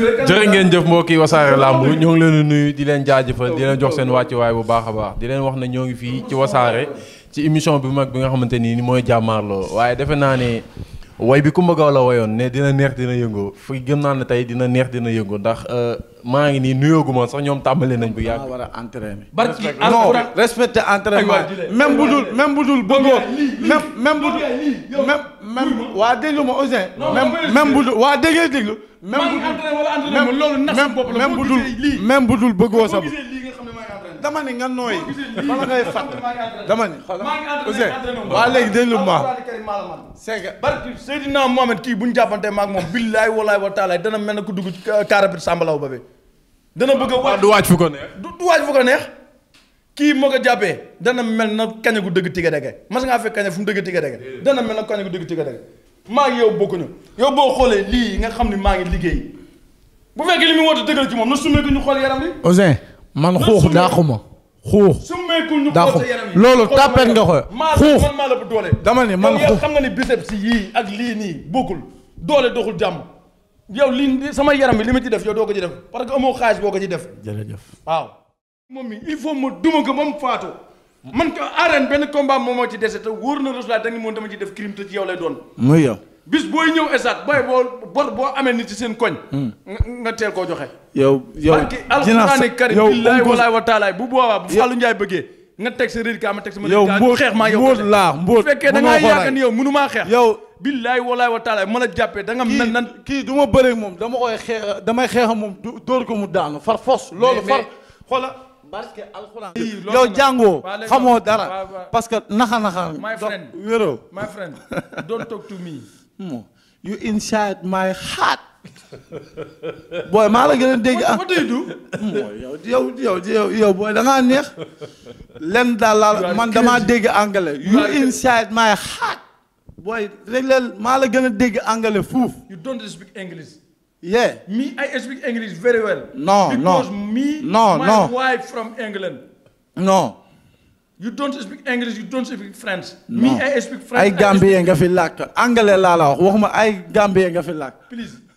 jërë ngeen jëf mbokk yi wasaare làmb ñoo ngi leen di nuyu di leen jaajëfal di leen jox seen wàccuwaay bu baax a baax di leen wax na ñoo ngi fii ci wasaare ci émission bi mag bi nga xamante ni mooy jàmmaarloo waaye defe naa ne way bi Coumba Gawlo la wayoon ne dina neex dina yëngoo fi gëm naa ne tey dina neex dina yëngoo ndax euh, maa ngi nii nuyooguma sax ñoom tàmbali nañ bu yàgg. war a entraîner. barki non respecté entraînement même bu dul même bu bëggoo. même même bu dul même même waa même bu dul waa déggee déglu. même bu dul bëggoo sa dama ni nga nooy bala ngay fat dama ni Ousseyn waa léegi dañ lu ma c'est que barki Seydina Mohamed kii bu ñu jàppante maag moom billaay walaay wa taalaay dana mel ne ku dugg kaarapit sàmbalaw ba bi dana bëgg a ah, du waaj fu ko neex du waaj fu ko neex kii moo ko jàppee dana mel na kañe gu dëgg tiga dege mas ngaa fekk kañe fu mu dëgg tiga dege dana mel na kañe gu dëgg tiga dege maa ngi yow bokkuñu yow boo xoolee lii nga xam ne maa ngi liggéey bu fekkee li muy woote dëgg la ci moom na sumee ñu xool yaram bi Ousseyn man xuux daaxuma xuux daaxuma loolu tàppet nga ko xuux dama ne man xuux xam nga ni si yii ak lii nii bokkul doole doxul jàmm yow lii sama yaram bi li ma ci def yow doo ko ci def parce que amoo xaalis boo ko ci def jërëjëf waaw moom mi il faut ma duma ko ba mu faatu man ko arène benn combat moom moo ci dese te wóor na Rasulullah da moom dama ci def crime te ci yow lay doon muy yow bis booy ñëw esaat booy boo bor boo amee nit ci seen koñ. Hmm. nga teel koo joxe. yow yow alxuraani kari billaahi walaahi wa taalaay bu boobaa bu Fallou Ndiaye bëggee nga teg sa rédicat ma teg sama rédicat yow xeex maa yow mbóot laa mbóot fekkee da ngaa yaakaar ni xeex yow billaahi walaahi wa taalaay ma la jàppee da nga mel nan kii ma bëree moom dama koy xeex damay xeex moom dóor ko mu daanu far fos loolu far xoola parce que alxuraan yow jàngoo xamoo dara parce que naxa naxa my friend wéroo my friend don't mo you inside my heart booy maa la gën a dégg ah. yow yow yow neex lenn daal man damaa dégg anglais. gën a dégg anglais fuuf. you don't speak English. yeah. me I speak English you don't speak English you don't speak French. me ay Gambien nga fi làkk anglais laa la wax waxuma ay Gambien nga fi làkk. please.